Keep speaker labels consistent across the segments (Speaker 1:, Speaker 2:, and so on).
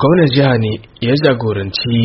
Speaker 1: gwamnan jiha ne ya jagoranci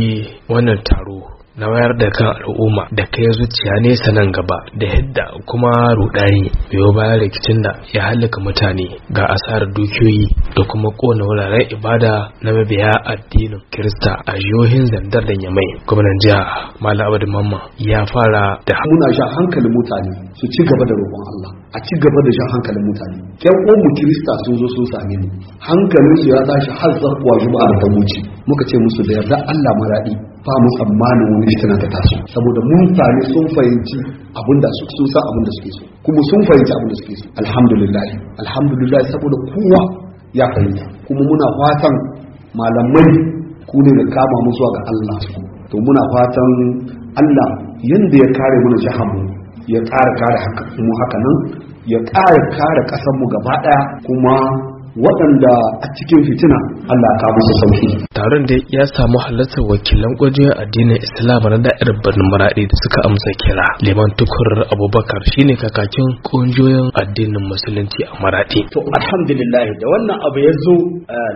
Speaker 1: wannan taro na wayar da kan al'umma da kai zuciya nesa nan gaba da yadda kuma rudani biyo bayan rikicin da ya halaka mutane ga asarar dukiyoyi da kuma kona wuraren ibada na mabiya addinin kirista a yohin zandar da yamai gwamnan jiha malam abdul mamma ya fara da muna sha
Speaker 2: hankalin mutane su ci gaba da roƙon allah a ci gaba da shan hankalin mutane yan mu kirista sun zo sun same ni hankalinsu ya tashi har zakuwa juma'a da ta muka ce musu da yarda allah maraɗi ba mu tsammanin wani fitina ta taso saboda mun sami sun fahimci abin da su sun abin da suke so kuma sun fahimci abin da suke so alhamdulillah alhamdulillah saboda kowa ya fahimta kuma muna fatan malamai ku ne da kama mu zuwa ga Allah su to muna fatan Allah yanda ya kare mana jihar ya ƙara kare mu haka nan ya ƙara kare kasar mu gaba daya kuma waɗanda a cikin fitina Allah ka musu
Speaker 1: sauki taron da ya samu halartar wakilan ƙungiyoyin addinin islam na da'irar birnin maradi da suka amsa kira liman tukur abubakar shine kakakin ƙungiyoyin addinin musulunci a
Speaker 3: maraɗi. to alhamdulillah da wannan abu ya zo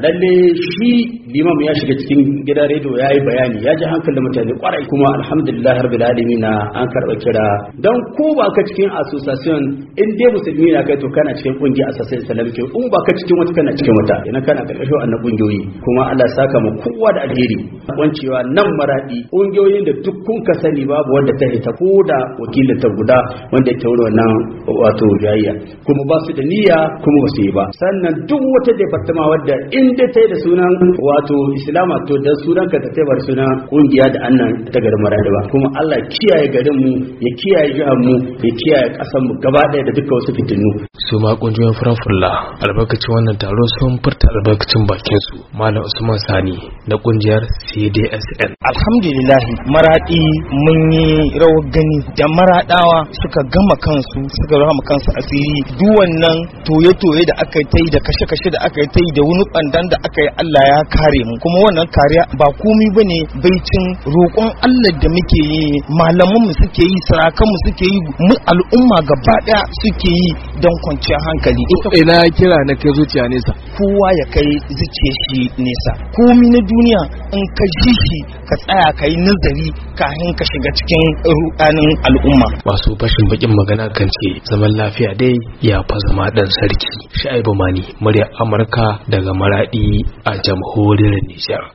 Speaker 3: lalle shi limam ya shiga cikin gidan rediyo ya yi bayani ya ji hankalin mutane ƙwarai kuma alhamdulillah rabbil na an karɓa kira dan ko ba ka cikin association in dai musulmi na kai to kana cikin ƙungiyar association islamic in ba ka cikin wata kana cikin wata yana kana karkashin wannan ƙungiyoyi kuma Allah saka mu kowa da alheri wancewa nan maraɗi ƙungiyoyin da duk kun ka sani babu wanda ta hita ko da wakilinta guda wanda ya tauri wannan wato jayayya kuma ba su da niyya kuma ba su yi ba sannan duk wata departama wadda in da ta yi da sunan wato islama to da sunan ka ta bar sunan ƙungiya da annan ta garin maradi ba kuma Allah kiyaye garin mu ya kiyaye jihar mu ya kiyaye ƙasar mu gaba ɗaya da duka wasu fitinu
Speaker 1: su ma ƙungiyoyin furan fulla albarkacin wannan taro sun furta albarkacin bakinsu malam usman sani na kungiyar CDSN.
Speaker 4: Alhamdulillahi maradi mun yi rawar gani da maraɗawa suka gama kansu suka rama kansu asiri duk wannan toye-toye da aka yi da kashe-kashe da aka yi da wani bandan da aka yi Allah ya kare mu kuma wannan kariya ba komi ba ne baicin roƙon Allah da muke yi malaman mu suke yi sarakan suke yi mu al'umma gaba ɗaya suke yi don kwanciyar hankali ina kira na kai zuciya nesa kowa ya kai zuciya shi nesa komi na duniya in ka ji shi ka tsaya ka yi nazari kafin ka shiga cikin
Speaker 1: rudanin al'umma masu fashin bakin magana kan ce zaman lafiya dai ya fa zama dan
Speaker 4: sarki sha'ibu mani murya amurka daga maradi a jamhuriyar nijar